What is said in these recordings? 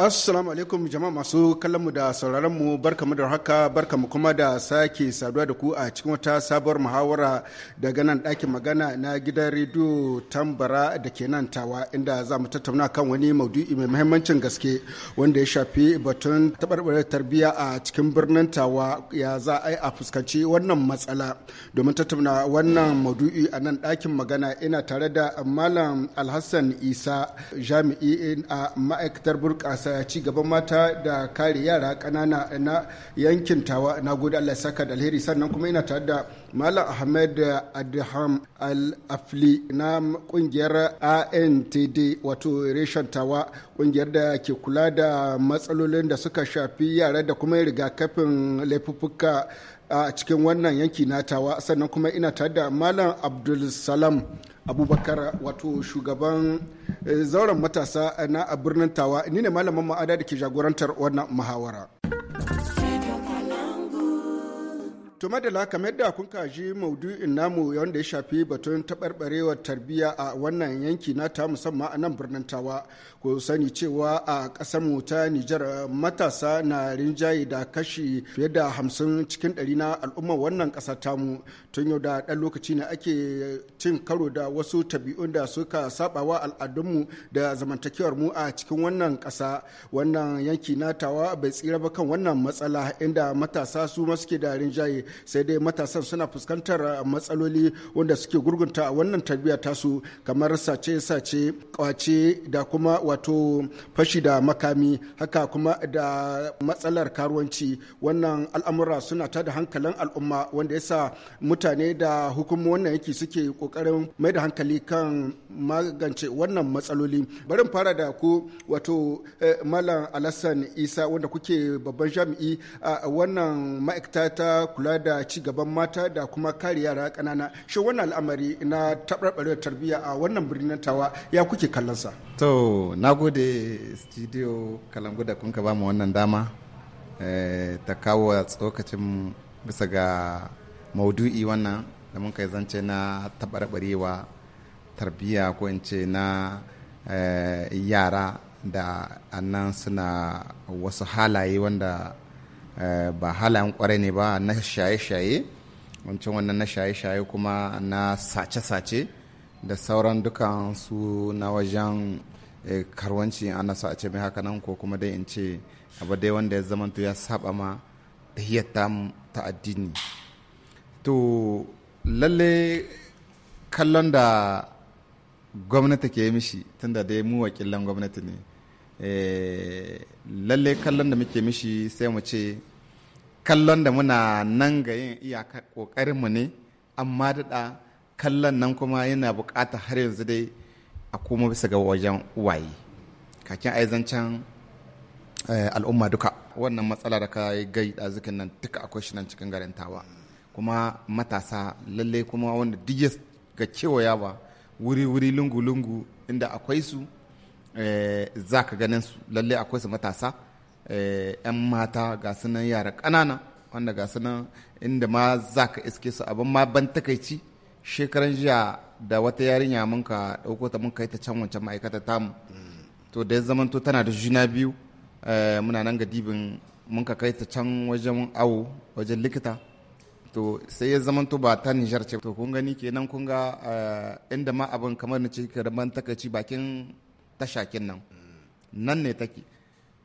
Assalamu alaikum jama'a masu kallonmu mu da sauraron mu barkamu da haka barka mu kuma da sake saduwa da ku a cikin wata sabuwar muhawara daga nan ɗakin magana na gidan rediyo tambara da ke nan tawa inda za mu tattauna kan wani maudu'i mai muhimmancin gaske wanda ya shafi batun taɓarɓarar tarbiyya a cikin birnin tawa ya za a yi a fuskanci wannan matsala domin tattauna wannan maudu'i a nan ɗakin magana ina tare da malam alhassan isa jami'i a ma'aikatar burkasa bunƙasa ci gaban mata da kare yara ƙanana na yankin tawa na gode Allah saka da alheri sannan kuma ina tare da Malam Ahmed Adham Al-Afli na kungiyar ANTD wato reshen tawa kungiyar da ke kula da matsalolin da suka shafi yara da kuma rigakafin laifuffuka a cikin wannan yanki na tawa sannan kuma ina tare da malam abdulsalam abubakar wato shugaban eh, zauren matasa na birnin tawa ni ne malamin ma'ada da ke jagorantar wannan muhawara. Tuma madala la kamar da kun kaji maudu'in namu wanda ya shafi batun taɓarɓarewar tarbiyya a wannan yanki na ta musamman a nan birnin Tawa. Ku sani cewa a ƙasar mu ta Nijar matasa na rinjaye da kashi fiye da hamsin cikin ɗari na al'ummar wannan ƙasa tamu. Tun yau da ɗan lokaci ne ake cin karo da wasu tabi'un da suka sabawa al'adunmu da zamantakewar mu a cikin wannan ƙasa. Wannan yanki na Tawa bai tsira ba kan wannan matsala inda matasa su ma suke da rinjaye sai dai matasan suna fuskantar ah, matsaloli wanda suke gurgunta a wannan tarbiyya tasu kamar sace-sace kwace da kuma wato fashi da makami haka kuma da matsalar karuwanci wannan al'amura suna ta da hankalin al'umma wanda yasa mutane da hukumomin wannan yake suke kokarin mai da hankali kan magance wannan matsaloli barin fara da ku wato eh, malam alassan isa wanda kuke babban jami'i a ah, wannan ma'aikata ta kula da ci gaban mata da kuma kare yara ƙanana shi wannan al'amari na taɓarɓarewar tarbiyya a wannan birnin tawa ya kuke kallon sa to na gode studio kalangu da kun ka ba mu wannan dama eh, ta kawo tsokacin bisa ga maudu'i wannan da mun kai zance na tabarbarewa tarbiyya ko in ce na eh, yara da annan suna wasu halaye wanda Eh, ba halayen kwarai ne ba na shaye-shaye wancan wannan na shaye-shaye kuma na sace-sace da sauran dukan su na wajen eh, karwanci na sace mai haka nan ko kuma dai in ce abu dai wanda ya zamanta ya saba ma tahiyyata ta addini to lalle kallon da gwamnati ke mishi tunda dai mu wakilan gwamnati ne eh, lalle kallon da muke mishi sai mu ce kallon da muna nan ga yin iyaka ƙoƙarinmu ne amma daɗa kallon nan kuma yana bukata har yanzu dai a koma bisa ga wajen waye kakin aizancen eh, al'umma duka wannan matsala da ka yi gai zikin nan duka akwai shi nan cikin garin tawa kuma matasa lalle kuma wanda duk ga kewaya ba wuri-wuri lungu-lungu inda akwai su eh, za ka ganin su lalle akwai su matasa Eh, 'yan mata ga sunan yara ƙanana wanda ga sunan inda ma za ka iske su abin ma ban takaici shekaran jiya da wata yarinya mun ka ɗauko ta mun kai ta can wancan ma'aikata tamu to da ya to tana da juna biyu eh, muna nan ga dibin mun ka kai ta can wajen awo wajen likita to sai ya to ba ta nijar ce to kun gani kenan kun ga eh, inda ma abin kamar na ce ban takaici bakin tashakin nan nan ne take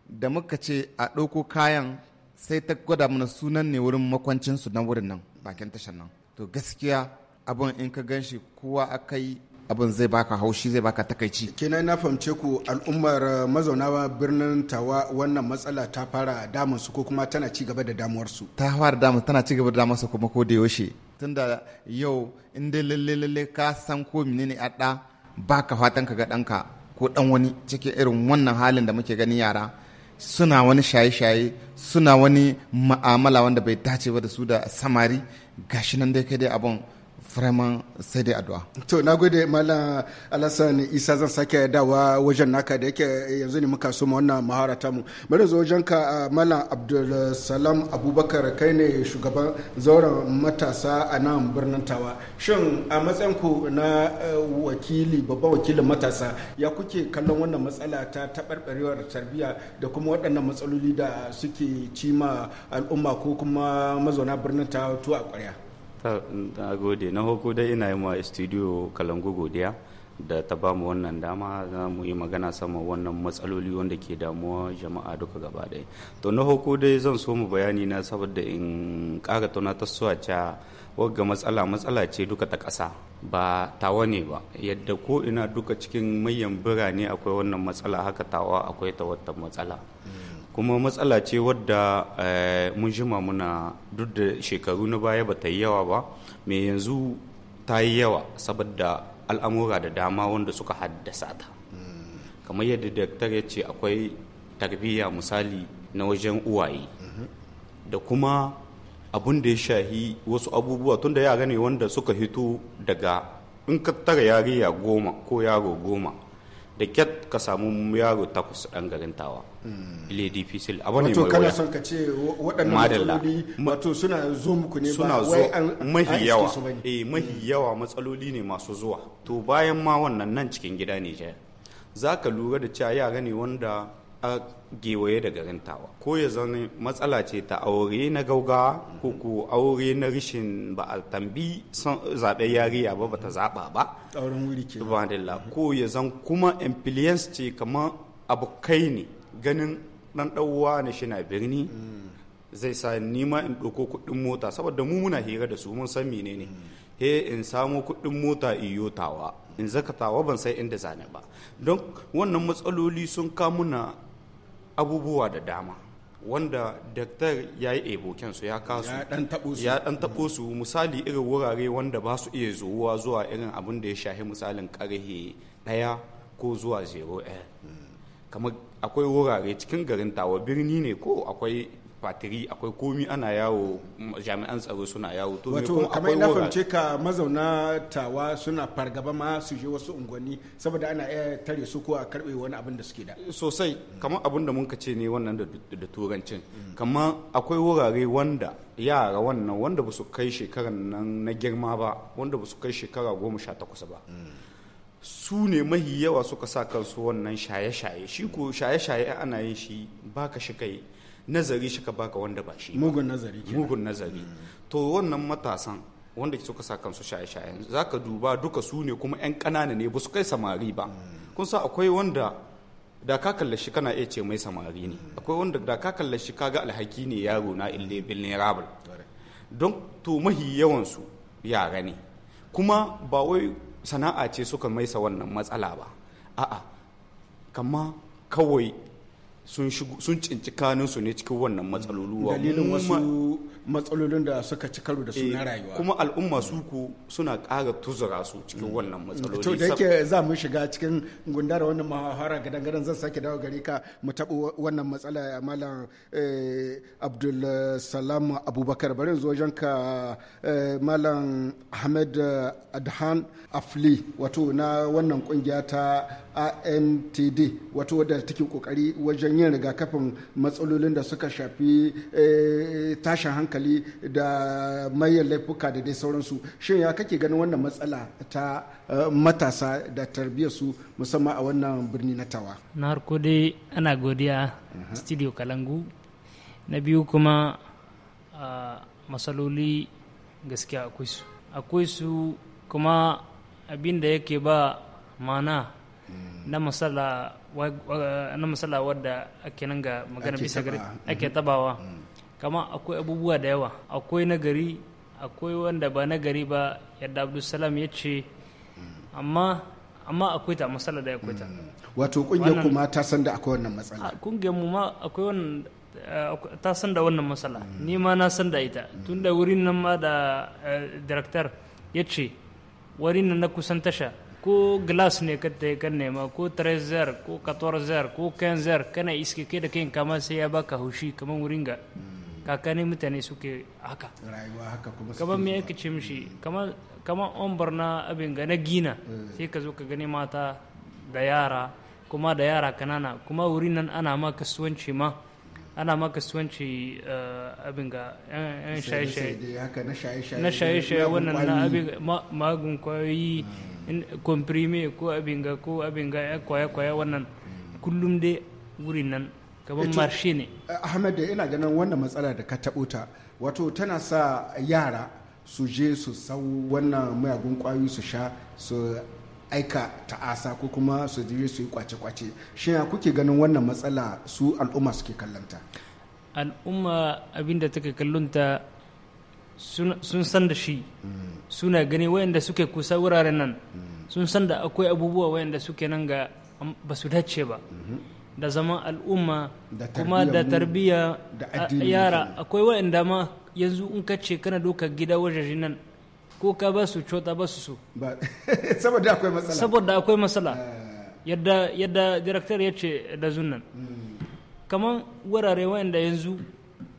da muka ce a ɗauko kayan sai ta gwada mana sunan ne wurin makwancinsu na wurin nan bakin tashar nan to gaskiya abin in ka gan shi kowa aka yi abin zai baka haushi zai baka takaici kenan na fahimce ku al'ummar mazauna birnin tawa wannan matsala ta fara damun su ko kuma tana ci gaba da damuwar su ta fara damun tana ci gaba da damuwar su kuma ko da yaushe tunda yau in dai lalle lalle ka san ko menene a da baka fatan ka ga danka ko dan wani cikin irin wannan halin da muke ganin yara suna wani shaye-shaye suna wani ma'amala wanda bai dace ba da su da samari gashi nan dai kai dai abin vraiment sai dai addu'a. To na gode Malam Alassan Isa zan sake dawa wajen naka da yake yanzu ne muka soma wannan mahara mu Bari zo wajen ka Malam Abdul Salam Abubakar kai ne shugaban zauren matasa a nan birnin Tawa. Shin a matsayin ku na e, wakili babban wakilin matasa ya kuke kallon wannan matsala ta tabarbarewar tarbiyya da kuma waɗannan matsaloli da suke cima al'umma ko kuma mazauna birnin Tawa to a ƙwarya. na gode na hoko dai ina yi ma studio kalangu godiya da ta ba mu wannan dama za mu yi magana sama wannan matsaloli wanda ke damuwa jama'a duka gaba ɗaya to na hoko dai zan so mu bayani na saboda in ƙara tauna ta suwa ca wagga matsala matsala ce duka ta ƙasa ba tawa ne ba yadda ko ina duka cikin mayan birane akwai wannan matsala haka tawa akwai ta wata matsala kuma matsala ce wadda eh, mun jima muna duk da shekaru na baya ba ta yi yawa ba mai yanzu ta yi yawa saboda al'amura da dama wanda suka haddasa ta kamar yadda daktar ya ce akwai tarbiyya misali na wajen uwaye da kuma abun da ya shahi wasu abubuwa tunda yara ne wanda suka hito daga in ka tara yariya goma ko yaro goma da kyat ka samu yaro takwas ɗan garintawa hmm. ile difisil abu ne mai wato kana son ka ce waɗannan matsaloli wato suna zo muku ne suna zo mahi yawa eh mahi hmm. yawa matsaloli ne masu zuwa to bayan ma wannan nan cikin gida ne ja za ka lura da cewa yara ne wanda a gewaye da rintawa ko ya zane matsala ce ta aure na gauga ko ko aure na rishin ba a tambi zaɓe yariya ba bata zaɓa ba auren wuri ke ko ya zan kuma influence ce kamar abokai ne ganin ɗan ɗauwa na shi na birni hmm. zai sa nima in ɗauko kuɗin mota saboda mu muna hira da su mun san menene hmm. he in samo kuɗin mota in yotawa in zakatawa ban sai inda zane ba don wannan matsaloli sun kamuna abubuwa da dama wanda daktar ya yi eboken su ya kasu ya dan tabo su misali irin wurare wanda ba su iya zuwa zuwa irin abin da ya shahi misalin karhe daya ko zuwa zero kamar akwai wurare cikin garin tawa birni ne ko akwai fatiri akwai komi ana yawo jami'an tsaro suna yawo to wato kamar na fahimce ka mazauna tawa suna fargaba ma su je wasu unguwanni saboda ana iya tare su ko a karbe wani abin da suke da sosai kamar abin da mun ce ne wannan da turancin kamar akwai wurare wanda yara wannan wanda ba su kai shekarar nan na girma ba wanda ba su kai shekara goma sha takwas ba su ne mahi yawa suka sa kansu wannan shaye-shaye shi ko shaye-shaye ana yin shi baka shi kai nazari shi ka baka wanda ba shi mugun nazari mugun nazari to wannan matasan wanda suka sa kansu shaye-shaye za ka duba duka su ne kuma 'yan ƙanana ne ba su kai samari ba kun sa akwai wanda da ka kalla shi kana iya ce mai samari ne akwai wanda da ka kalla shi kaga alhaki ne yaro na ille vulnerable don to mahi su yara ne kuma ba wai sana'a ce suka maisa wannan matsala ba a'a kama kawai sun cinci su ne cikin wannan matsalolu dalilin wasu matsalolin da suka ci karo da su na eh, rayuwa kuma al'umma su ku suna ƙara tuzura su cikin mm. wannan matsaloli to da yake za mu shiga cikin gundar wannan mahawara gadan gadan zan sake dawo gare ka mu tabo wannan matsala malam eh, abdul salam abubakar bari zo wajen ka eh, malam ahmed adhan afli wato na wannan kungiya ta antd wato wadda take kokari wajen yin rigakafin matsalolin da suka shafi eh, tashin hankali da mayan laifuka da dai sauransu shin ya kake ganin wannan matsala ta eh, matasa da tarbiyyarsu musamman a wannan birni na tawa na harko dai ana godiya studio kalangu na biyu kuma masaloli gaskiya akwai su akwai su kuma abin da yake ba mana Mm. na matsala wadda ake nan ga magana bisa gari mm-hmm. ake tabawa mm. kama akwai abubuwa da yawa akwai nagari akwai wanda ba nagari ba yadda abdulsalam ya ce mm. amma amma akwai ta matsala da akwai ta wato kungiyar kuma ta san da akwai wannan matsala kungiyar mu ma akwai wannan eh, ta san da wannan matsala ni ma na san da ita tun da wurin nan ma da eh, director ya ce wurin nan na kusan tasha ko glas ne ka ta hmm. ka nema ko trezor ko katorzer ko kenzer kana iske kai da kai kama sai ya baka haushi kamar wuringa kakani mutane suke haka rayuwa haka kuma kamar me yake ce mishi kamar kamar ombar na abin ga na gina hmm. sai ka zo ka gani mata da yara kuma da yara kanana kuma wurin nan ana ma kasuwanci ma ana ma kasuwanci eh, abin ga eh, eh, yan shaye-shaye na shaye-shaye wannan na abin magun kwayoyi hmm. komprime ko abin ga ko abin ga ya eh, kwaya kwaya wannan kullum dai wurin nan kamar marshe ne eh, ahmed ina ganin wannan matsala da ka taɓo ta wato tana sa yara su je su sau wannan mayagun kwayoyi su sha su aika ta'asa ko kuma su je su yi kwace-kwace shi ya kuke ganin wannan matsala su al'umma suke kallonta al'umma abinda take kallonta sun san da shi suna gani wayanda suke kusa wuraren nan sun san da akwai abubuwa wayanda suke nan ga ba su dace ba da zama al'umma kuma da tarbiyya yara akwai wayanda ma yanzu in ka ce kana doka gida wajen nan ko ka ba su cota ba su so saboda akwai matsala eh. yadda director ya ce da zunan hmm. kamar wurare wayanda yanzu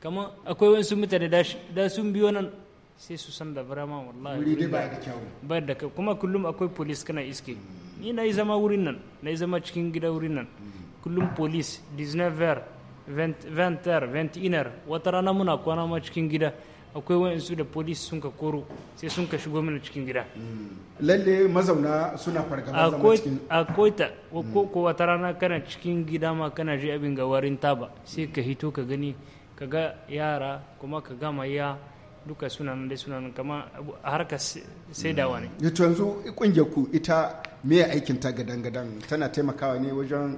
kamar akwai sun mutane da sun biyo nan sai su san da barama wallahi wuri dai bayan da kyau ba da kyau kuma kullum akwai polis kana iske ni na yi zama wurin nan na yi zama cikin gida wurin nan kullum polis 19 20 21 wata rana muna kwana ma cikin gida akwai su da polis sun ka koro sai sun ka shigo mana cikin gida mm. lalle mazauna suna fargaba zama cikin akwai ta mm. ko wata rana kana cikin gida ma kana ji abin ga warin taba sai ka hito ka gani ka ga yara kuma ka gama ya duka sunan da sunan kama harkar saidawa ne yato yanzu kungiyar ku ita me aikin ta gadan-gadan tana taimakawa ne wajen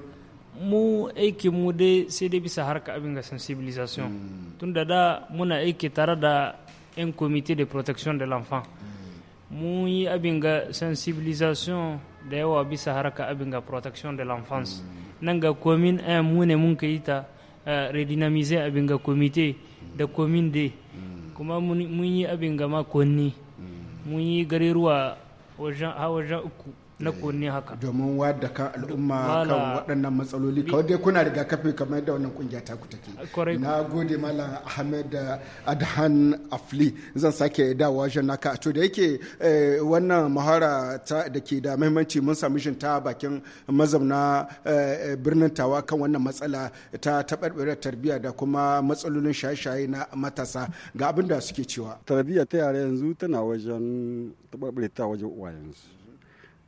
mu aikin mu dai sai dai bisa harka abin ga sensibilisation hmm. tun da da muna aiki tare da yan comité de protection de l'enfant hmm. mun yi abin ga sensibilisation da yawa bisa harka abin ga protection de l'enfance hmm. nan ga komin eh, mu ne mun ka yi ta Eh, redynamiser abin ga komite da komin de mm. kuma mun yi abin ga makonni mm. mun yi a wajen uku na kunni haka domin wadda kan al'umma kan waɗannan matsaloli kawai dai kuna rigakafi kamar da wannan kungiya ta ku take na gode malam ahmed eh, adhan afli zan sake dawowa wajen naka to da yake eh, wannan mahara ta da ke da muhimmanci mun sami shin ta bakin mazauna eh, birnin tawa kan wannan matsala ta taɓarɓare tarbiyya da kuma matsalolin shaye-shaye na matasa ga abinda da suke cewa tarbiyya ta yare yanzu tana wajen taɓarɓare ta wajen uwayensu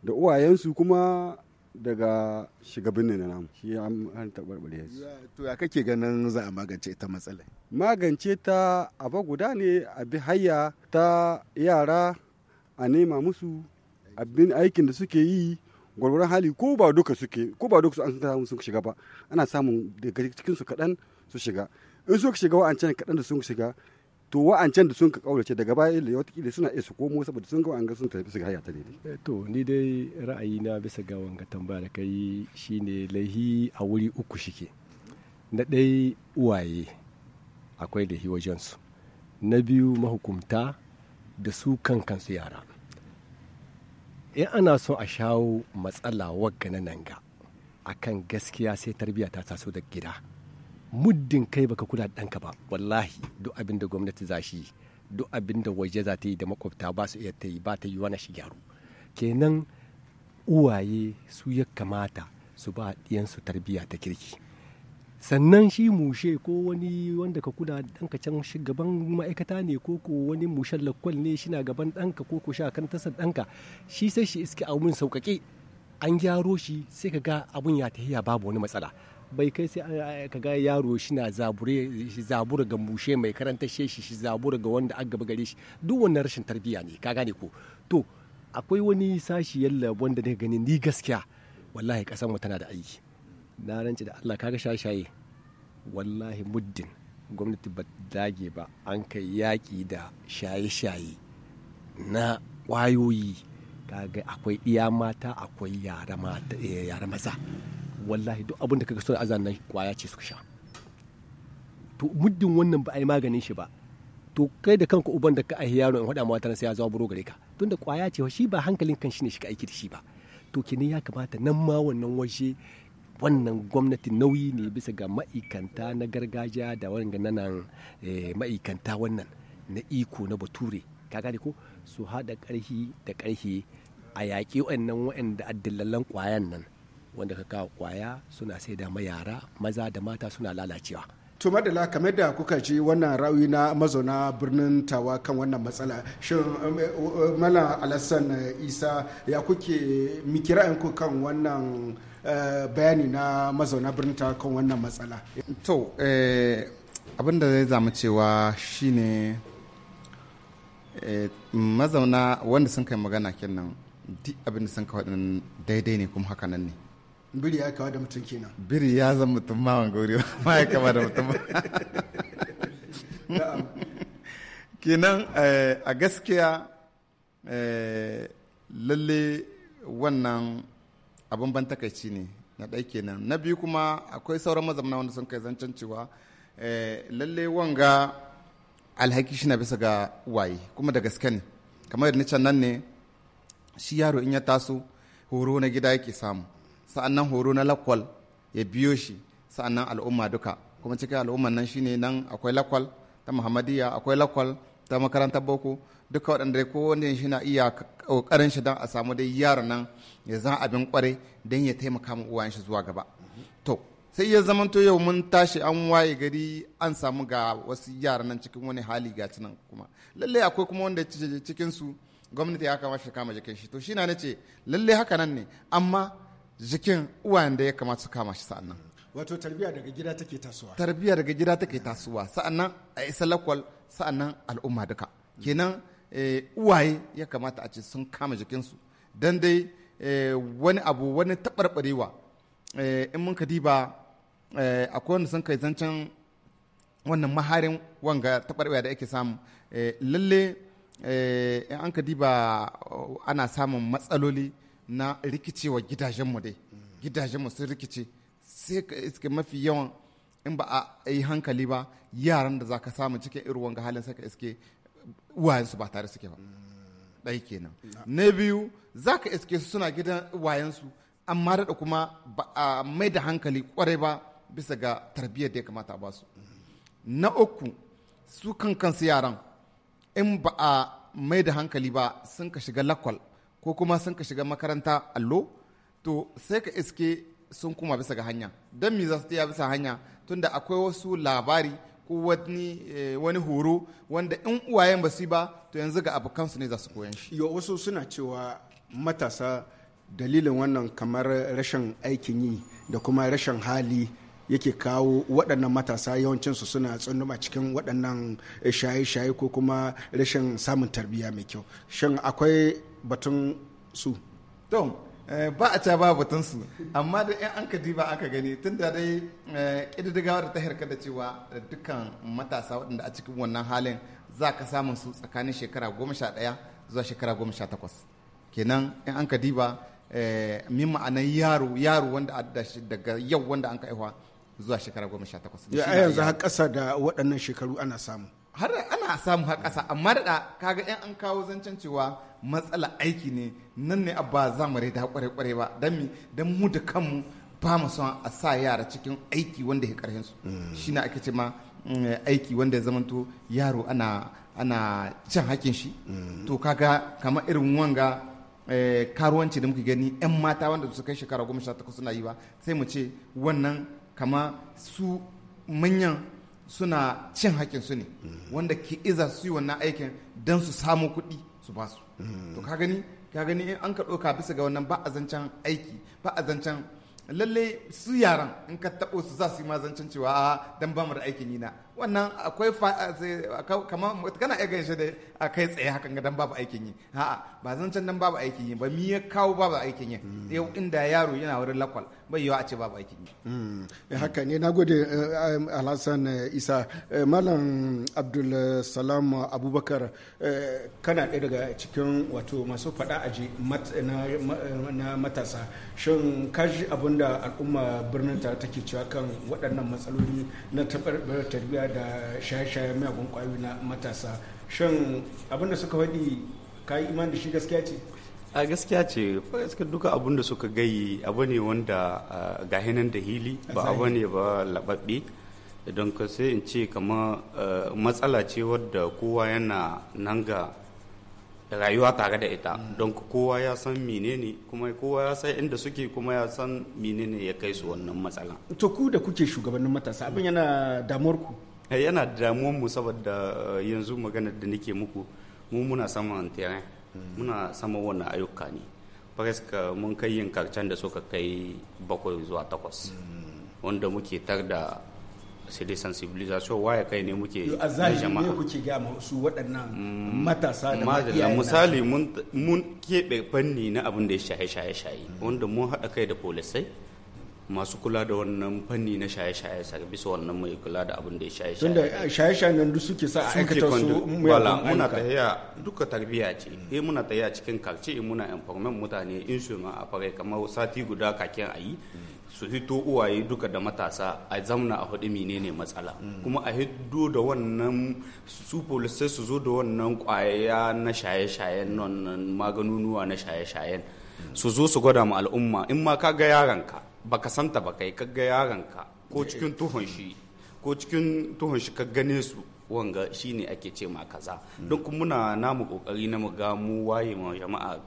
da uwayensu kuma daga shiga birnin na namu shi an taɓarɓare yanzu. To ya kake ganin za a magance ta matsala? Magance ta abu guda ne a bi hayya ta yara a nema musu abin aikin da suke yi gwargwaron hali ko ba duka suke ko ba duka su an samu sun shiga ba ana samun daga cikin su kaɗan su shiga in suka shiga wa'ancan kaɗan da sun shiga to wa'ancan da sun ka kaurace daga baya da watakila suna iya su komo saboda sun ga sun tafi su ga hayata daidai. Eh, to ni dai ra'ayi na bisa ga wanga tambaya da kai shine lahi a wuri uku shike na ɗai uwaye akwai wajen su na biyu mahukumta da su kan kansu yara in ana so a shawo matsala wagga na nanga akan gaskiya sai tarbiyya ta taso da gida muddin kai baka kula da ɗanka ba wallahi duk abin da gwamnati za shi duk abin da waje za ta yi da makwabta ba su iya ta yi ba ta yi wani shi gyaru kenan uwaye su ya kamata su ba ɗiyansu tarbiyya ta kirki sannan shi mushe ko wani wanda ka kula da ɗanka can gaban ma'aikata ne ko ko wani mushen lakwal ne shi na gaban ɗanka ko ko shakan tasar ɗanka shi sai shi iske abun sauƙaƙe an gyaro shi sai ka ga abun ya tahiya babu wani matsala bai kai sai ka ga yaro shi na zabure shi zabura ga mushe mai karanta shi shi zabura ga wanda aka gaba gare shi duk wannan rashin tarbiyya ne ka gane ko to akwai wani sashi yalla wanda daga gani ni gaskiya wallahi kasan mu tana da aiki na rance da Allah kaga shashaye wallahi muddin gwamnati ba dage ba an kai yaki da shaye-shaye na ƙwayoyi kaga akwai iya mata akwai yara eh, maza wallahi duk abin da kaga suna azan nan kwaya ce suka sha to muddin wannan ba a yi maganin shi ba to kai da kanka uban da ka a yaro in hada mawatar sai ya zama buro gare ka tunda kwaya ce shi ba hankalin kan shi ne shi ka aiki da shi ba to kini ya kamata nan ma wannan waje wannan gwamnati nauyi ne bisa ga ma'aikanta na gargajiya da wanga nan eh, ma'aikanta wannan na iko na bature ka gane ko su haɗa karhi da karhi a yaƙi wa'annan wa'anda addillalan kwayan nan wanda ka kawo kwaya suna sai da mayara maza da mata suna lalacewa to madala kamar da kuka ji wannan ra'ayi na mazauna birnin tawa kan wannan matsala shin um, eh, eh, mala alassan isa ya kuke mikira ra'ayinku kan wannan eh, bayani na mazauna birnin tawa kan wannan matsala to abin da zai zama cewa shine mazauna wanda sun kai magana kenan duk abin da sun kai daidai ne kuma hakanan ne biri ya kawo da mutum kenan biri ya zan mutum mawan gauri ma ya kama da mutum kenan eh, a gaskiya eh, lalle wannan abin ban takaici ne na ɗai kenan na biyu kuma akwai sauran mazamna wanda sun kai zancen cewa eh, lalle wanga alhaki shi na bisa ga waye kuma da gaske ne kamar yadda can nan ne shi yaro in ya taso horo na gida yake samu sa'annan horo na lakwal ya biyo shi sa'annan al'umma duka kuma cikin al'umman nan shine nan akwai lakwal ta Muhammadiyya akwai lakwal ta makarantar boko duka waɗanda dai kowane shi na iya ƙoƙarin shi don a samu dai yaron nan ya zan abin kwarai don ya taimaka ma uwayen shi zuwa gaba to sai ya zamanto yau mun tashi an waye gari an samu ga wasu yaran nan cikin wani hali ga nan kuma lallai akwai kuma wanda cikin su gwamnati ya kama shi kama jikin shi to shi na ce lallai haka nan ne amma jikin uwayen da ya kamata su kama shi sa'annan wato tarbiyya daga gida take tasowa tarbiyya daga gida take tasowa sa'annan a isa lakwal sa'annan al'umma duka kenan eh, uwaye ya kamata a ce sun kama jikinsu don dai eh, wani abu wani taɓarɓarewa eh, in mun ka diba akwai wanda sun kai zancen wannan maharin wanga taɓarɓarewa da ake samu lalle in an ka diba ana samun matsaloli na rikicewa gidajenmu dai gidajenmu sun rikice sai ka mafi yawan in ba a yi hankali ba yaran da za ka samu cikin irin wanga halin saka iske wayansu ba tare suke ba ɗai kenan na biyu za ka iske su suna gidan wayansu amma da kuma ba a mai da hankali kwarai ba bisa ga tarbiyyar da ya kamata ba su na uku su kan kansu yaran in ba a mai da hankali ba sun ka shiga lakwal ko kuma sun ka shiga makaranta allo to sai ka iske sun kuma bisa ga hanya don me za su taya bisa hanya tunda akwai wasu labari ko wani eh, horo wanda in uwayen ba su ba to yanzu ga abokansu ne za su koyan shi yo wasu suna cewa matasa dalilin wannan kamar rashin aikin yi da kuma rashin hali yake kawo waɗannan matasa yawancinsu suna tsunduma cikin waɗannan eh, shaye-shaye ko kuma rashin samun tarbiyya mai kyau shin akwai batun su to eh, ba a ca ba batun su amma da yan an ba aka gani tun da dai eh, ƙididdigawa ta harkar da cewa eh, dukkan matasa waɗanda a cikin wannan halin za ka samun su tsakanin shekara goma sha ɗaya zuwa shekara goma sha takwas kenan yan an diba min ma'anar yaro yaro wanda daga yau wanda an ka aihuwa zuwa shekara goma sha takwas. Ya yanzu har ƙasa da waɗannan shekaru ana samu. har ana samu har ƙasa amma da kaga yan an kawo zancen cewa matsala aiki ne nan ne Abba za mu da kware kware ba dan mi dan mu da kanmu ba mu son a sa yara cikin aiki wanda ya karhin su mm. shine ake ce ma mm, aiki wanda ya zamanto yaro ana ana cin hakin shi mm. to kaga kamar irin wanga eh, karuwanci da muke gani 'yan mata wanda su kai shekara goma sha takwas suna yi ba sai mu ce wannan kama su manyan suna cin haƙƙin su ne wanda ke iza su yi wannan aikin don su samu kuɗi su ba su to ka gani ka gani in an ka ɗauka bisa ga wannan ba a zancen aiki ba a zancen lalle su yaran in ka taɓo su za su yi ma zancen cewa a don ba mu da aikin yi na wannan akwai kamar kana iya ganin shi da a kai tsaye hakan ga dan babu aikin yi ba zancen dan babu aikin yi ba mi ya kawo babu aikin yi yau inda yaro yana wurin lakwal bai yiwa a ce babu aikin yi mm. eh, haka ne nagode eh, eh, alhassan isa malam abdul salam abubakar kana ɗaya daga cikin wato masu faɗa aji na matasa shin kaji abin da al'umma birnin ta take cewa kan waɗannan matsaloli na taɓarɓar tarbiyya da shaye-shaye miyagun ƙwayoyi na matasa shin abin da suka faɗi ka yi imani da shi gaskiya ce a gaskiya ce gaskiya duka abun da suka gayi abu ne wanda gahinan da hili ba abu ne ba lababbe don ka sai in ce kama matsala ce wadda kowa yana nan ga rayuwa tare da ita mm. don kowa ya san menene kuma kowa ya san inda suke kuma ya san menene ya kai su wannan matsala to ku da kuke shugabannin matasa abin yana damuwar ku eh, yana damuwar mu saboda yanzu magana da nake muku mu muna saman terrain muna sama wannan ayyuka ne ka mun kai yin karcen da suka kai bakwai zuwa takwas wanda muke tar da sai dai sensibilization waya kai ne muke na jama'a ne kuke ga su waɗannan mm, matasa da makiyaye misali mun keɓe fanni na abin da ya shaye shaye shaye wanda mun haɗa kai da polisai masu kula da wannan fanni na shaye-shaye sa bisa wannan mai kula da abin da ya shaye-shaye tunda shaye-shaye nan duk suke sa aikata su wala muna tahiya duka tarbiyya ce eh muna tahiya cikin kalce muna informant mutane in su ma a fare kamar sati guda kakin ayi su hito uwaye duka da matasa a zamna a hudu menene matsala kuma a hiddo da wannan su polisai su zo da wannan kwaya na shaye-shayen nan maganunuwa na shaye-shayen su zo su gwada ma al'umma in ma ka ga yaranka baka santa ba kai kaga yaranka ko cikin tuhon shi ko cikin tuhon shi ka gane su wanga shine ake ce ma kaza don kuma muna namu kokari na mu ga mu waye ma jama'a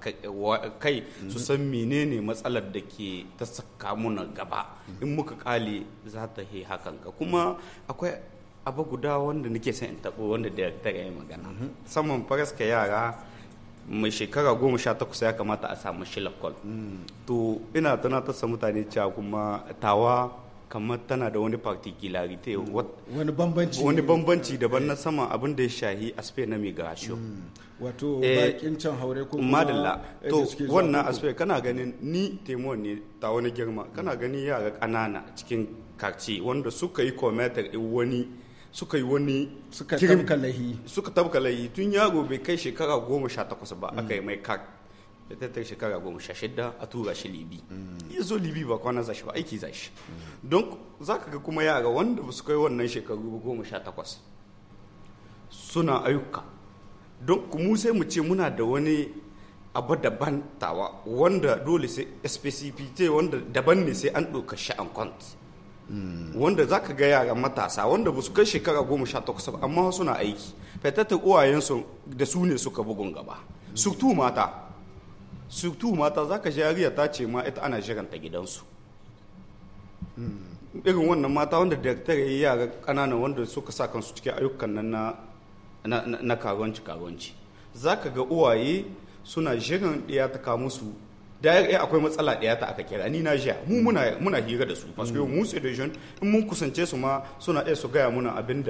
kai su san menene matsalar da ke ta saka muna gaba in muka kale za ta he hakan ka kuma akwai abu guda wanda nake son in tabo wanda da ta magana saman faraska yara mai shekara goma sha takwas ya kamata a samu shi lakwal to ina ta sa mutane cewa kuma tawa kamar tana da wani particularity mm. wani bambanci wani bambanci daban na eh. sama abin da ya shahi aspe na migration mm. wato eh, bakin can haure ko madalla eh, to wannan aspe kana ganin ni taimon ne ta wani girma kana ganin yara kanana cikin karci wanda suka yi kometar wani suka yi wani suka tabka lahi suka tabka lahi tun yaro bai kai shekara goma sha takwas ba aka yi mai kak da tarihi shekara goma sha shida a tura shi libi ya zo libi ba kwana za shi ba aiki za shi don za ka ga kuma yara wanda su kai wannan shekaru goma sha takwas suna ayyuka don mu sai mu ce muna da wani abu daban tawa wanda dole sai spcpt wanda daban ne sai an ɗauka shi an kwanta wanda za ka ga yara matasa wanda ba su kai shekara goma sha takwas ba amma suna aiki fatattun uwayensu da su ne suka bugun gaba surtu mata surtu mata za ka jariya ta ce ma ita ana jiranta gidansu irin wannan mata wanda daktar ya yi yara ƙananan wanda suka sa kansu cikin ayyukan nan na karonci karonci za ka ga uwaye suna jiran ɗaya ta kamusu da ya akwai matsala ɗaya ta aka kira ni na jiya mu muna muna hira da su parce que mu su region in mun kusance su ma suna iya su gaya muna abin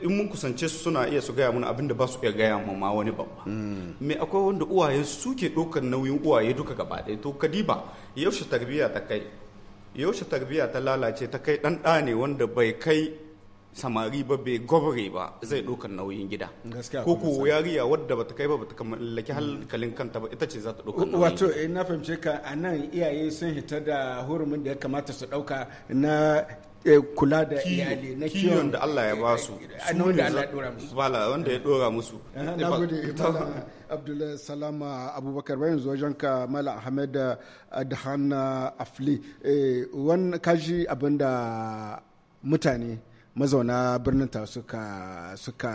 in mun kusance su suna iya su gaya muna abinda ba su iya gaya ma ma wani babba mm. me akwai wanda uwaye suke ɗaukar nauyin uwaye duka gaba ɗaya to kadiba yaushe tarbiyya ta kai yaushe tarbiyya ta lalace ta kai ɗan ne wanda bai kai samari ba bai gwabare ba zai ɗaukar nauyin gida ko ko yariya wadda bata kai ba bata mallaki halkalin kanta ba ita ce za ta ɗaukar nauyin wato eh, na fahimce ka a nan iyaye sun hita da hurumin da ya kamata su ɗauka na eh, kula da iyali na kiyon da Allah ya ba su eh, wanda ya ɗora musu na gode abdullahi salama abubakar bayan zuwa mala ahmed da afli wani kaji abinda mutane mazauna birnin ta suka suka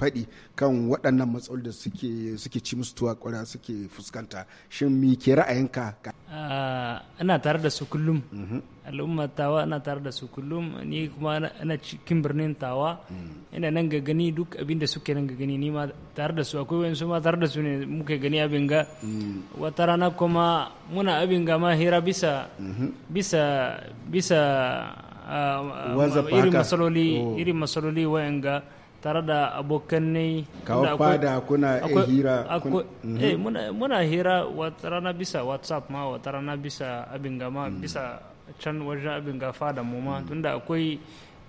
faɗi kan waɗannan matsaloli da suke suke ci musu tuwa ƙwara suke fuskanta shin mi ke ra'ayinka ana tare da su kullum mhm. al'umma tawa ana tare da su kullum ni kuma ana cikin birnin tawa mm. ina nan ga gani duk abin da suke nan ga gani ni ma tare da su akwai wayansu ma tare da su ne muke gani abin ga mm. wata rana kuma muna abin ga ma hira bisa mhm. bisa bisa Uh, irin masaloli oh. irin masaloli wayanga tare da abokanai kawo fada kuna eh, hira mhm. eh, muna hira wata rana bisa whatsapp ma wata rana bisa abin gama mm. bisa can wajen abin ga fada mu ma mm. tunda akwai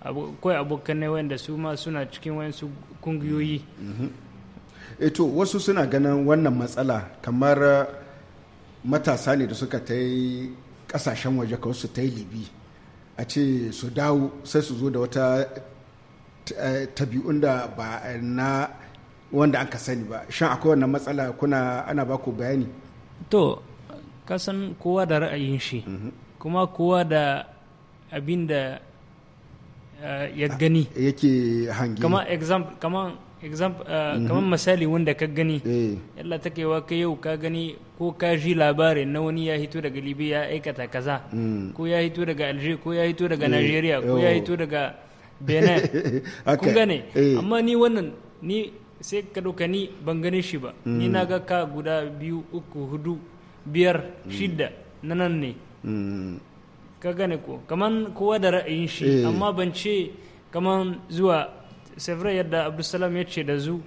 akwai abokanai wanda su ma suna cikin wayansu kungiyoyi mm-hmm. eto wasu suna ganin wannan matsala kamar matasa ne da suka ta yi kasashen waje kawai su ta yi libi a ce su dawo sai su zo da wata eh, tabi'un da ba na wanda an ka sani ba shan akwai wannan matsala kuna ana ba ku bayani to kasan kowa da ra'ayin shi mhm. kuma kowa da abin da eh, ya gani yake hangi kama example kama example uh, mhm. kamar misali wanda ka gani eh. yalla ta kaiwa ka yau ka gani ko ka ji labarin na wani ya hito daga libya ya aikata kaza mm. ko ya hito daga alger ko ya hito daga eh. nigeria ko ya hito daga benin ku gane eh. amma ni wannan ni sai ka ɗauka ni ban gane shi ba ni mm. na ga ka guda biyu uku hudu biyar mm. shida na nan ne ka gane ko kaman kowa da ra'ayin shi amma ban ce kaman zuwa sevra yadda abdulsalam ya ce da zu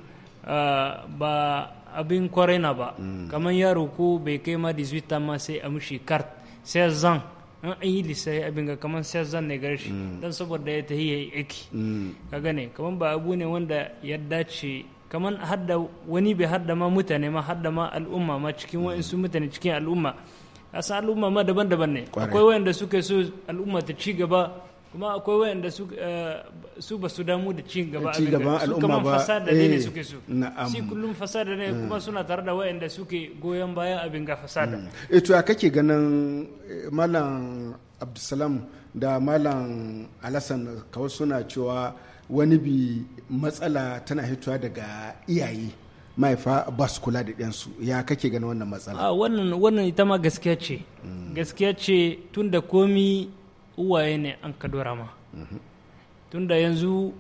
ah, ba abin kwarai na ba hmm. kamar yaro ko bai kai ma 18 ma sai a mushi kart sai zan an an yi lissafi abin ga kamar sai zan ne shi hmm. don saboda ya tahi ya yi aiki hmm. ka gane kamar ba abu ne wanda ya dace kamar hadda wani bai hadda ma mutane ma hadda ma al'umma ma cikin wa'insu mutane cikin al'umma asan al'umma ma daban-daban ne akwai wayanda suka so al'umma ta ci gaba kuma akwai wayanda su eh, su ba su damu da cin gaba ci gaban al'umma ba fasada ne eh, suke su shi kullum fasada ne kuma mm. suna tare da wayanda suke goyon bayan abin ga fasada mm. eh to ya kake ganin eh, malam abdulsalam da malam alasan kawai suna cewa wani bi matsala tana hitowa daga iyaye mahaifa ba su kula da ɗansu ya kake ganin wannan matsala ah, wannan wannan ita ma gaskiya ce mm. gaskiya ce tun da komi uwaye ne an ka dora ma mhm. tunda yanzu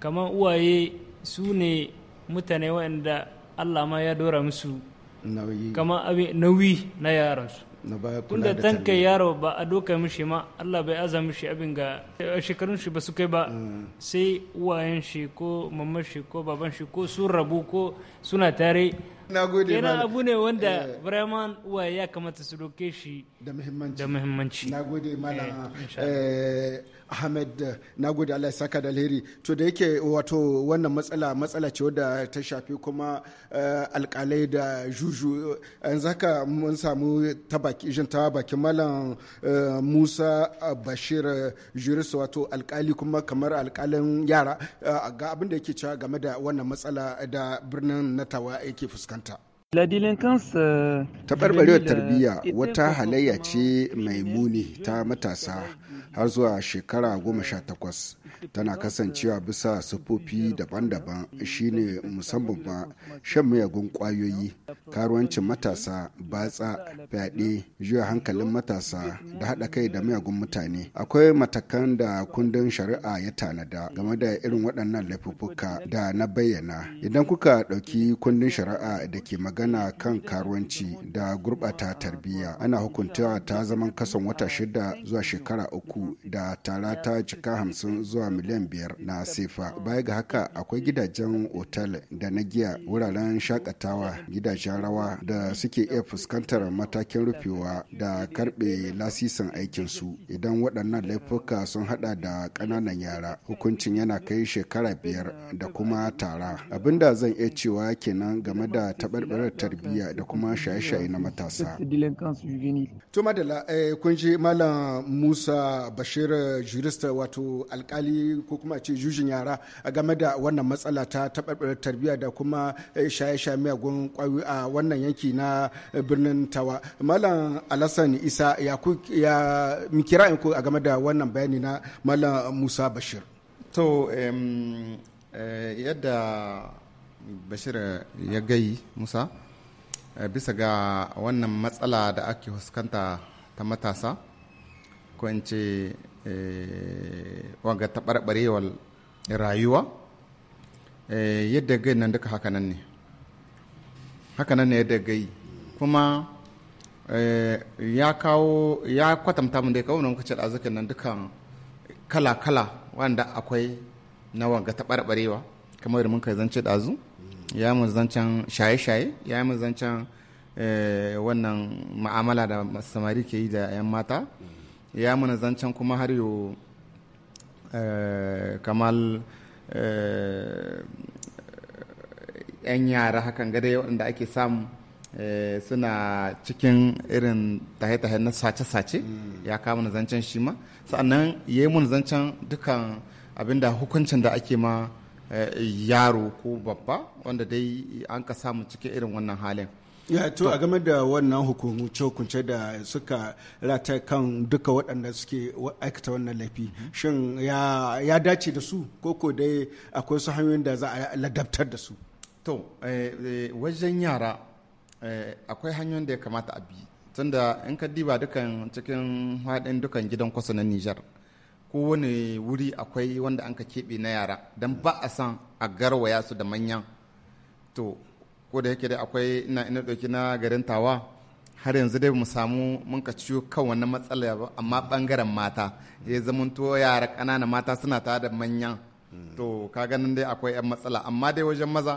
kamar uwaye su ne mutane waɗanda allah ma ya dora musu kama abin nauyi na yaransu tunda tankai yaro ba a doka mishi ma allah bai aza mishi abin ga shekarun shi ba su kai ba mm. sai uwayen shi ko mamman shi ko baban shi ko sun rabu ko suna tare yana abu ne wanda vraiment eh. uwaye ya kamata su doke shi da muhimmanci na gode malam eh, eh, ahmed na gode allah saka da alheri to da yake wato wannan matsala matsala ce wadda ta shafi kuma eh, alkalai da juju yanzu haka mun samu jin ta bakin malam musa bashir juris wato alkali kuma kamar alkalin yara ga abin da yake cewa game da wannan matsala da birnin natawa yake fuskanta ladilin kansa euh, Taɓarɓarewar tarbiyya euh, wata halayya ce mai muni ta matasa har zuwa shekara goma sha takwas tana kasancewa bisa sufofi daban-daban shine musamman ma shan miyagun kwayoyi karuwancin matasa batsa fyaɗe juya hankalin matasa da haɗa kai da miyagun mutane akwai matakan da kundin shari'a ya tanada game da irin waɗannan laifuffuka da na bayyana idan kuka ɗauki kundin shari'a da ke magana kan karuwanci da gurɓata tarbiyya ana hukuntawa ta zaman kason wata shida zuwa shekara uku uku da tara ta cika hamsin zuwa miliyan biyar na sefa baya ga haka akwai gidajen otal da na giya wuraren shakatawa gidajen rawa da suke iya fuskantar matakin rufewa da karbe lasisin aikinsu idan waɗannan laifuka sun hada da ƙananan yara hukuncin yana kai shekara biyar da kuma tara abinda zan iya cewa kenan game da taɓarɓarar tarbiyya da kuma shaye-shaye na matasa. To madala eh, kun ji Malam Musa bashir jurista wato alkali ko kuma ce jujin yara game da wannan matsala ta taɓarɓar tarbiyya da kuma eh, shaye-shaye miyagun ƙwayoyi a wannan yanki na eh, birnin tawa malam alasan isa ya mikira ku a game da wannan bayani na malam musa bashir to eh, yadda bashir ya gai musa bisa ga wannan matsala da ake fuskanta ta matasa ko in ce eh, wanga taɓarɓarewar rayuwa eh, yadda gai nan duka hakanan ne hakanan ne yadda gai kuma eh, ya kawo ya kwatanta mun da kawo nan da arzikin nan dukan kala-kala wanda akwai na wanga taɓarɓarewa kamar mun kai zance ɗazu ya mu zancen shaye-shaye ya mu zancen wannan ma'amala da samari ke yi da 'yan mata ya muna zancen kuma har eh, kamal eh, yan yara hakan gada waɗanda ake samu eh, suna cikin irin tahe-tahe na sace-sace mm. ya kama na zancen shi ma sa'annan ya yi zancen dukan abinda hukuncin da ake ma yaro ko babba wanda dai an ka samu cikin irin wannan halin ya to a game da wannan hukumu hukunce da suka rata kan duka waɗanda suke aikata wannan laifi mhm. shin ya dace da su koko dai akwai su hanyoyin da za a ladabtar da su to eh, eh, wajen yara eh, akwai hanyoyin da ya kamata a bi tunda in ka diba dukan cikin haɗin dukan gidan kwasa na nijar kowane wuri akwai wanda an ka keɓe na yara don ba a san a garwaya su da manyan to ko da yake dai akwai ina ina dauki na garin tawa har yanzu dai mu samu mun ka ciyo kan wannan matsala ba amma bangaren mata ya to yara ƙanana mata suna tare da manyan mm. to ka ganin dai akwai 'yan matsala amma dai wajen maza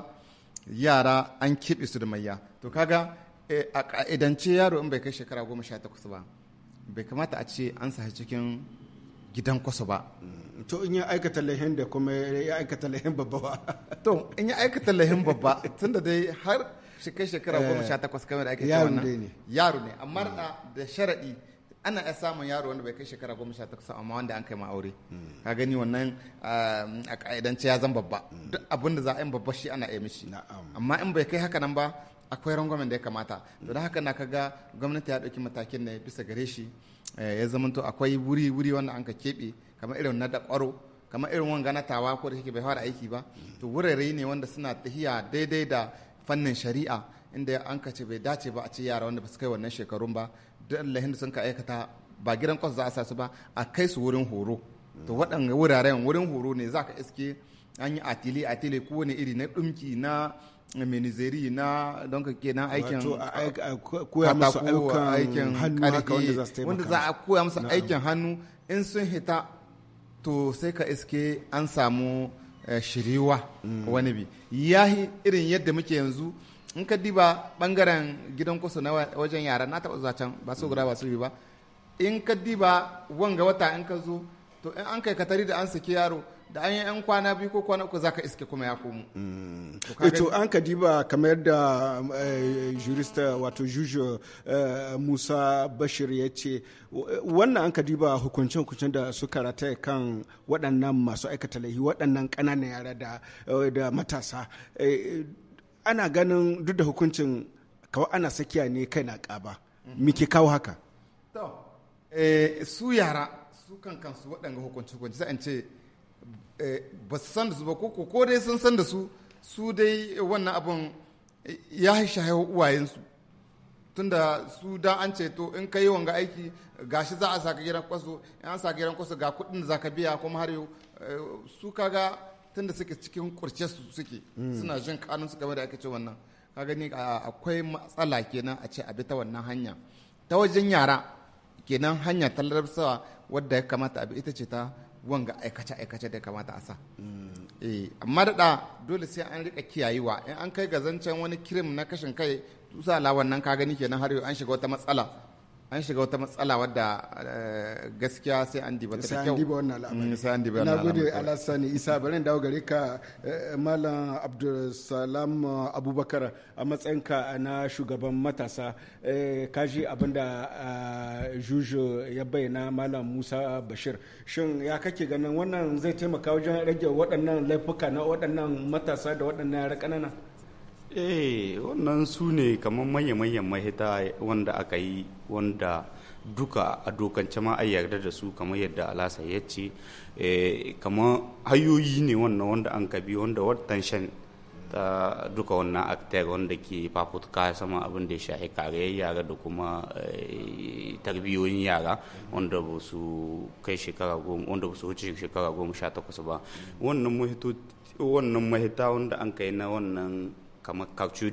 yara an kiɓe su da mayya to kaga eh, a ƙa'idance yaro in bai kai shekara goma sha takwas ba bai kamata a ce an sahi cikin gidan kwasa ba to in yi aikata lahin da kuma ya aikata lahin babba ba to in yi aikata lahin babba tun da dai har shekai shekara goma eh, sha takwas kamar da ake cewa ne. yaro ne amma hmm. da sharaɗi ana iya samun yaro wanda bai kai shekara goma sha takwas amma wanda an kai ma aure hmm. ka gani wannan ah, a ka'idance ya zan babba hmm. duk abinda za a yi babba shi ana iya mishi amma in bai kai haka nan ba akwai rangwamen da ya kamata to da haka na kaga gwamnati ya ɗauki matakin ne bisa gare shi eh, ya zamanto akwai wuri wuri wanda an ka keɓe kamar irin na da kamar irin wanga na tawa ko da kake bai fara aiki ba to wurare ne wanda suna tahiya daidai da fannin shari'a inda an ka ce bai dace ba a ce yara wanda ba su kai wannan shekarun ba duk allahin da sun ka aikata ba gidan kwas za a sa su ba a kai su wurin horo to waɗanga wuraren wurin horo ne za ka iske an yi atili atili kowane iri na ɗumki na menizeri na don ka nan aikin koya musu aikin hannu haka wanda za su taimaka wanda za a koya musu aikin hannu in sun hita to sai ka iske an samu eh, shiriwa mm. wani bi yahi irin yadda muke yanzu in ka diba bangaren gidan kusa na wajen yara na taba zuwa can ba su gura ba bi ba in ka diba wanga wata in ka zo to in an kai katari da an saki yaro da an yi 'yan kwana biyu ko kwana uku zaka iske kuma ya komo. Mm. to an ka diba kamar da eh, jurista wato juju eh, musa bashir ya ce wannan an ka diba hukuncin-hukuncin da suka rata kan waɗannan masu aikata laifi waɗannan ƙananan yara da eh, matasa ana ganin duk da hukuncin kawai ana sakiya ne kai na ƙaba muke mhm. kawo haka su yara su kankan su waɗanga hukunci-hukunci za ce Eh, ba su san da su ba ko ko dai sun san da su su dai wannan abin ya shahe uwayensu tunda su da an ce to in ka yi wanga aiki gashi za a saka gidan kwaso in an saka gidan kwaso ga kuɗin da za ka biya kuma har yau eh, su kaga tunda suke cikin kurce su suke hmm. suna jin kanun su game da ake ce wannan ka gani akwai matsala kenan a ce a bi ta wannan hanya ta wajen yara kenan hanya ta larabsawa wadda ya kamata a bi ita ce ta wanga aikace aikace da kamata a sa eh, amma da dole sai an rika kiyayewa in an kai gazancen wani kirim na kashin kai tusa lawan nan ka gani kenan har yau an shiga wata matsala an shiga wata matsala wadda eh, gaskiya sai an diba ta kyau mm, sai an diba wannan al'amari na alasani isa barin dawo gare ka eh, malam abdulsalam abubakar a matsayinka na shugaban matasa eh, kaji abinda juju ya bayyana malam musa bashir shin ya kake ganin wannan zai taimaka wajen rage waɗannan laifuka na waɗannan matasa da waɗannan yara ƙanana eh wannan su ne kamar manya-manyan mahita wanda aka yi wanda duka a dokance ma a yarda da su kamar yadda alasa ya ce eh, kamar hayoyi ne wannan wanda an ka bi wanda watan shan ta duka wannan aktar wanda ke fafutuka sama abin da ya shahi ya yara da kuma eh, tarbiyoyin yara wanda ba su kai shekara goma wanda ba su wuce shekara goma sha takwas ba wannan mahita wanda an kai na wannan kamar kaucu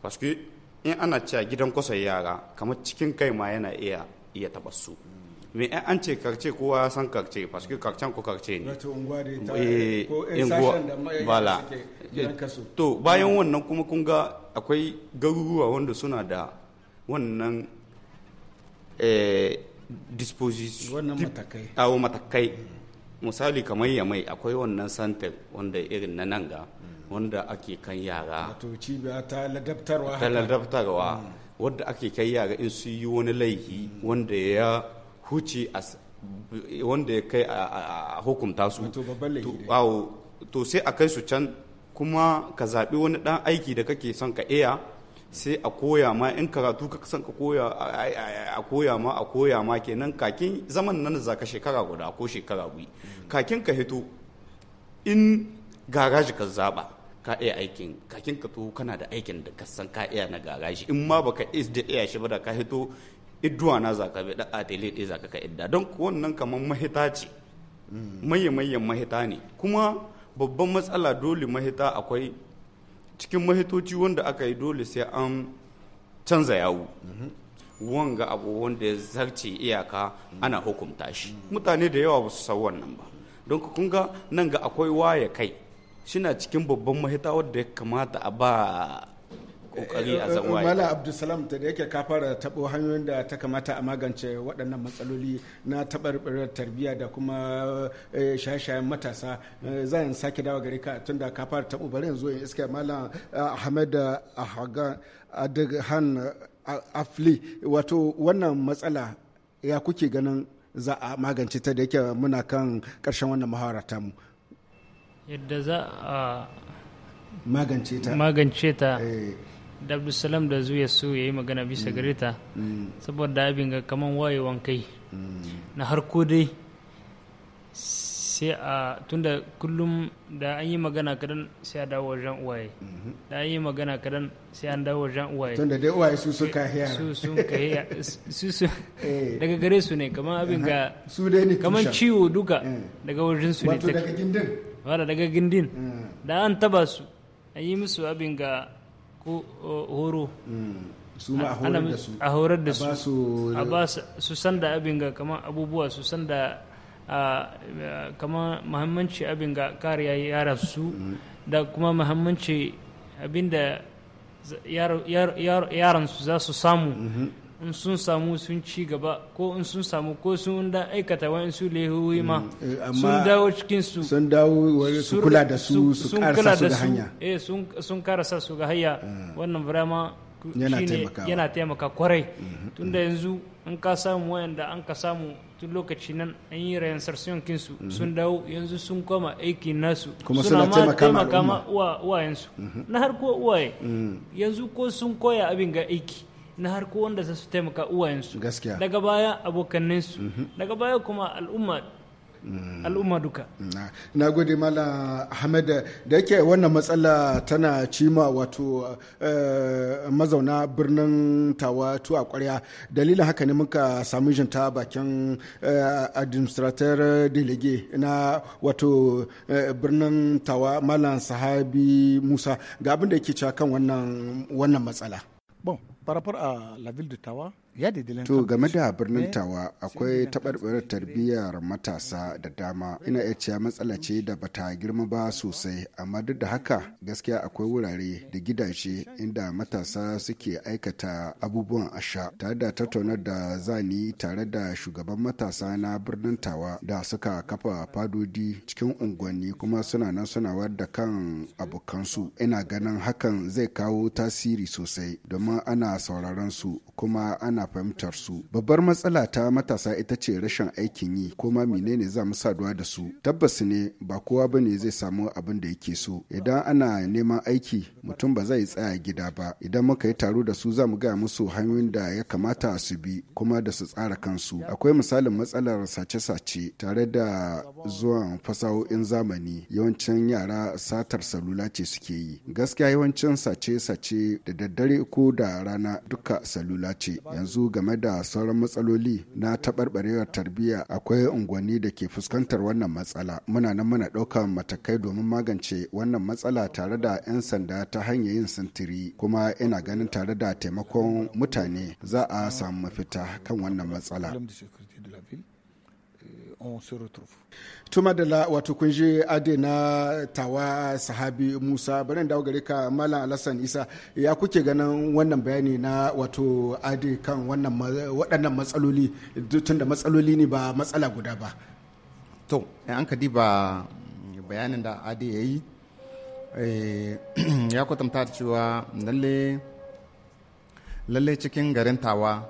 parce que in ana cewa gidan kusa yara kamar cikin kai ma yana iya iya taba su me an ce karce kowa ya san karce que karcen ko karce ne bala eh, to bayan wannan kuma kun ga akwai garuruwa wanda suna da wannan eh, disposition matakai misali kamar yamai akwai wannan santel wanda irin na nan ga wanda ake kan yara wato cibiya ta ladabtarwa ta ladabtarwa hmm. wanda ake kai yara in su yi wani laifi hmm. wanda ya huce wanda ya kai a hukunta su to sai a kai su can kuma ka zaɓi wani ɗan aiki da kake son ka iya sai a koya ma in karatu ka san ka koya a koya ma a koya ma kenan kakin zaman nan za ka shekara guda ko shekara biyu hmm. kakin ka hito in garaji ka zaba ka iya aikin kakin ka to kana da aikin da ka ka iya na shi in ma baka is da iya shi ba da ka hito idduwa na za ka bada da tele ɗaya za ka idda don wannan kaman mahita ce maye mayan mahita ne kuma babban matsala dole mahita akwai cikin mahitoci wanda aka yi dole sai an canza yawu wanga abu wanda ya zarce iyaka ana hukumta shi mutane da yawa ba su san wannan ba don kun ga nan ga akwai waya kai shina cikin babban mahita wadda ya kamata a ba kokari a zanwaye mala abdulsalam da yake ka fara tabo hanyoyin da ta kamata a magance waɗannan matsaloli na taɓarɓarar tarbiyya da kuma eh, shaye-shayen matasa eh, zan sake dawo gare ka tunda ka fara tabo bari yanzu in iska mala eh, ahmed Adhan afli wato wannan matsala ya kuke ganin za a magance ta da yake muna kan ƙarshen wannan muhawara tamu mu yadda za a magance ta magance ta eh. da abdulsalam da zuya su ya yi magana bisa gare ta mm. Mm. saboda abin ga kaman wayewan kai mm. na harko dai sai a tunda kullum da an yi magana kadan sai a dawo wajen uwaye mm-hmm. da an yi magana kadan sai an dawo wajen uwaye tunda dai uwaye su sun kahiya su sun kahiya su su eh. daga gare su ne kaman abin ga su dai ne kaman ciwo duka eh. daga wajen su ne wato daga gindin wala daga gindin hmm. da an taba su a yi musu abin ga horo hmm. su ma a horar da su a ba su san da abin ga kamar abubuwa su san da kamar muhammanci abin ga kariya yara su hmm. da kuma muhammanci abin da yaran su za su samu in sun samu sun ci gaba ko in sun samu ko sun da aikata su lehohi ma mm. eh, sun dawo cikin su sun dawo su kula da su su karasa su ga hanya eh sun karasa su ga hanya ah. wannan vraiment yana taimaka kwarai mm-hmm. tunda yanzu an ka samu wayanda an ka samu tun lokaci nan an yi sarsiyon kinsu mm-hmm. sun dawo yanzu sun koma aiki nasu suna ma taimaka ma uwayensu mm-hmm. na har ko uwaye mm. yanzu ko sun koya abin ga aiki na harko wanda za su taimaka uwayensu daga baya abokanninsu mhm. daga baya kuma al'umma mm. al'umma duka na gode mala hamada da yake wannan matsala tana cima wato eh, mazauna birnin tawa a kwarya dalilin haka ne muka samu jinta bakin eh, administrator delege na wato eh, birnin tawa malam sahabi musa ga abin da yake cewa kan wannan matsala par rapport à la ville de Tawa, To game da birnin eh, Tawa akwai taɓarɓarar tarbiyyar matasa da dama. Ina iya cewa matsala ce da bata girma ba sosai, amma duk da haka gaskiya akwai wurare da gidaje inda matasa suke aikata abubuwan asha tare da tattaunar da zani tare da shugaban matasa na birnin Tawa da suka kafa fadodi cikin unguwanni kuma suna nan suna da kan abokansu. Ina ganin hakan zai kawo tasiri sosai domin ana sauraron su kuma ana fahimtar su babbar matsala ta matasa ita ce rashin aikin yi ko ma menene za mu saduwa da su tabbas ne ba kowa bane zai samu abin da yake so idan ana neman aiki mutum ba zai tsaya gida ba idan muka yi taro da su za mu gaya musu hanyoyin da ya kamata su bi kuma da su tsara kansu akwai misalin matsalar sace-sace tare da zuwan fasahohin zamani yawancin yara satar salula ce suke yi gaskiya yawancin sace-sace da daddare ko da rana duka salula ce yanzu yanzu game da sauran matsaloli na taɓarɓarewar tarbiyya akwai unguwanni da ke fuskantar wannan matsala muna nan muna ɗaukar matakai domin magance wannan matsala tare da 'yan sanda ta hanyar yin sintiri kuma ina ganin tare da taimakon mutane za a samu mafita kan wannan matsala on se retrouve. Tuma de la wato kun je ade na tawa sahabi Musa bari dawo gare ka Malam Alhassan Isa ya kuke ganin wannan bayani na wato ade kan wannan waɗannan matsaloli tunda matsaloli ne ba matsala guda ba. To, an ka diba bayanin da ade ya yi eh, ya kwatanta cewa lalle lallai cikin garin tawa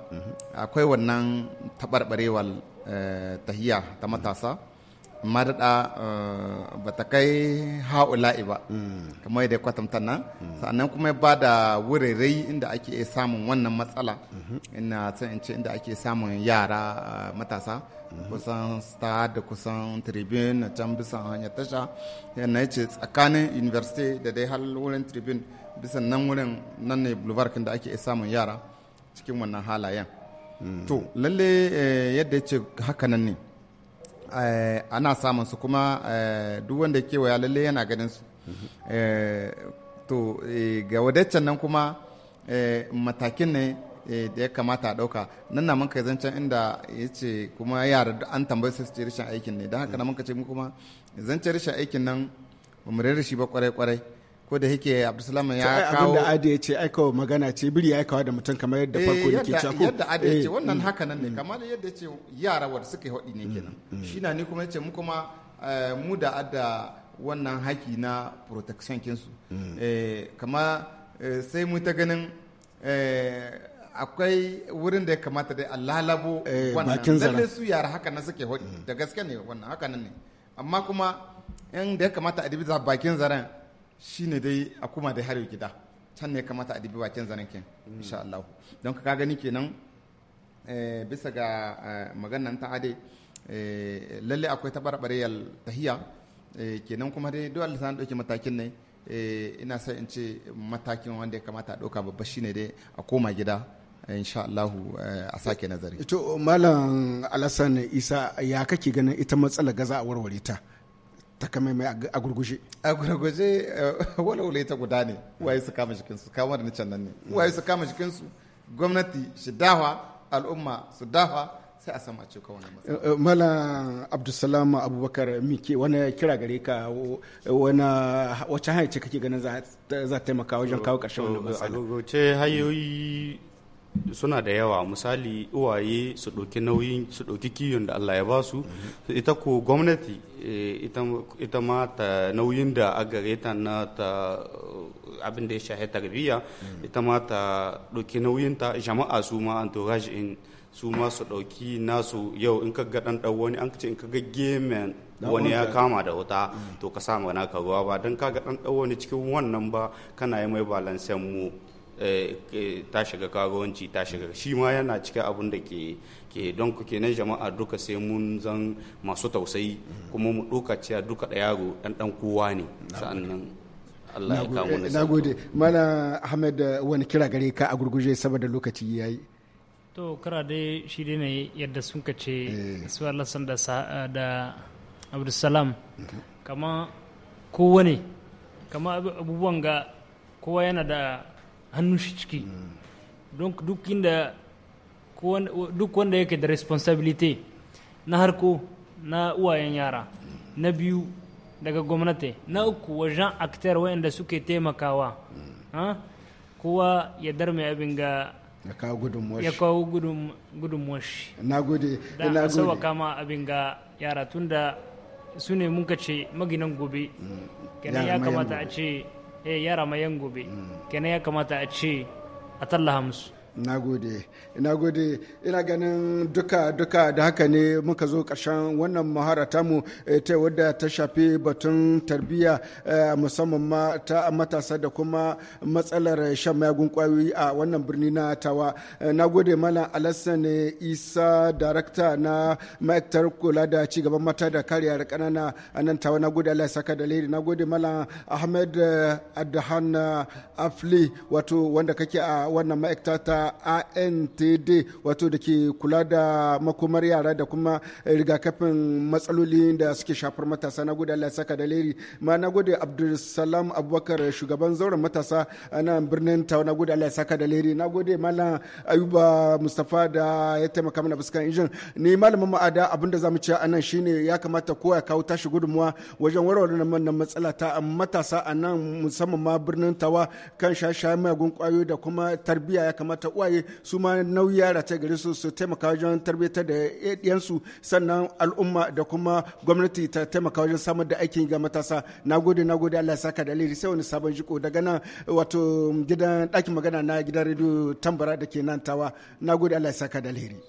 akwai wannan taɓarɓarewar eh, tahiya ta matasa madaɗa eh, ba ta kai ha'ula'i ba kamar yadda ya nan sannan kuma ba da wurare inda ake samun wannan matsala ina san ce inda ake samun yara eh, matasa kusan star da kusan tribune na can bisan hanyar tasha yana ce tsakanin university da dai har wurin tribune bisan nan wurin nan ne boulevard da ake samun yara cikin wannan halayen hmm. to lalle eh, yadda ya ce haka nan ne eh, ana samun su kuma eh, duk wanda kewaya lalle yana ganin su mm-hmm. to ga wadaccen nan kuma matakin ne da ya kamata a ɗauka nan na muka zancen inda ya ce kuma yara an tambayi su rashin aikin ne don haka na muka ce kuma zancen rashin aikin nan ba mu rera shi ba kwarai-kwarai ko da yake abdulsalam ya kawo abin da ade ce aikawa magana ce biri ya aikawa da mutum kamar yadda farko da ke cako yadda ya ce wannan haka nan ne kamar yadda ce yara wadda suka yi hodi ne mm, kenan mm. shi na ni kuma ce mu kuma eh, mu da adda wannan haki na protection kinsu mm. eh, kama eh, sai mu ta ganin akwai wurin da ya kamata da alalabo wannan lalle su yara haka nan suke hodi da gaske ne wannan haka nan ne amma kuma in da ya kamata a dibi bakin zaren shine dai a kuma da hare gida can ne kamata a dibi bakin zanen kin insha mm. Allah don ka gani kenan eh, bisa ga eh, maganan ta ade eh, lalle akwai tabarbareyar tahiya kenan kuma dai dole san doki matakin ne ina sai in ce matakin wanda ya kamata a dauka babba shine dai a koma gida insha Allah a sake nazari. To Malam Alassan Isa ya kake ganin ita matsala gaza a warware ta? ta mai a gurguje a gurguje eh, walawale ita guda ne waye su kama jikinsu kama da can nan ne waye su kama jikinsu gwamnati shi dawa al'umma su dawa sai a sama ce kawai matsala eh, eh, mala abdulsalam abubakar mike wani kira gare ka wani wacce hanyar ce kake ganin za ta taimaka wajen kawo ƙarshen wani matsala a hanyoyi suna da yawa misali uwaye su ɗauki nauyin su ɗauki kiyon da Allah ya ba su ita ko gwamnati eh, ita ma ta nauyin da a gare ta na ta abin da ya shahe tarbiyya ita ma ta ɗauki nauyin ta jama'a su ma entourage in su ma su ɗauki nasu yau in ka ga ɗanɗan wani an ce in ka ga gemen wani ya kama da wuta mm. to ka sa na ka ruwa ba don ka ga ɗanɗan wani cikin wannan ba kana yi mai balansen mu ta shiga kagawanci ta shiga shi ma yana cikin abin da ke ke don ku kenan jama'a duka sai mun zan masu tausayi kuma mu duka cewa duka da yaro dan dan kowa ne sa'annan Allah ya kawo na gode mana Ahmed wani kira gare ka a gurguje saboda lokaci yayi to kira dai shi dai ne yadda sun ka ce eh. su Allah san da da Abdulsalam kowa ne kama abubuwan ga kowa yana da Hannu shi ciki don duk inda duk wanda yake da responsibility na harko na uwayen yara na biyu daga gwamnati na uku wajen aktar waɗanda suke taimakawa kowa ya darme abin ga ya kawo gudunmuwar shi na gode na gode kama abin ga yara tunda su ne ka ce maginan gobe mm. kenan ya kamata a ce eh rama yan gobe hmm. kenan ya kamata a ce a tallaha musu Nagode nagode ina ganin duka duka da haka ne muka zo ƙarshen wannan maharata mu eh, ta wadda ta shafi batun tarbiyya eh, musamman ma ta matasa da kuma matsalar shan mayagun kwayoyi a wannan birni na tawa eh, Nagode mana alasane isa darakta na ma'aikatar kula da cigaban mata da kariya da kanana a nan tawa nagode allah saka da lairi nagode gode malam ahmed adhan afli wato wanda kake a wannan ma'aikata ta ta wato da ke kula da makomar yara da kuma eh, rigakafin matsaloli da suke shafar matasa na gode allah saka da leri ma na gode abdulsalam abubakar shugaban zauren matasa a nan birnin tawa na gode allah saka da leri na gode malam ayuba mustapha da ya taimaka mana fuskan injin ni malamin ma'ada abinda za mu ci a nan shine ya kamata ko ya kawo tashi gudunmuwa wajen warware wannan matsala ta matasa a nan musamman ma birnin tawa kan shashayen magun kwayoyi da kuma tarbiyya ya kamata ta uwaye su ma nauyi yara ta gare su su taimaka wajen tarbiyyar da ɗiyansu sannan al'umma da kuma gwamnati ta taimaka wajen samar da aikin ga matasa na gode na gode Allah ya saka da alheri sai wani sabon jiko daga nan wato gidan ɗakin magana na gidan rediyo tambara da ke nan tawa na gode Allah ya saka da alheri.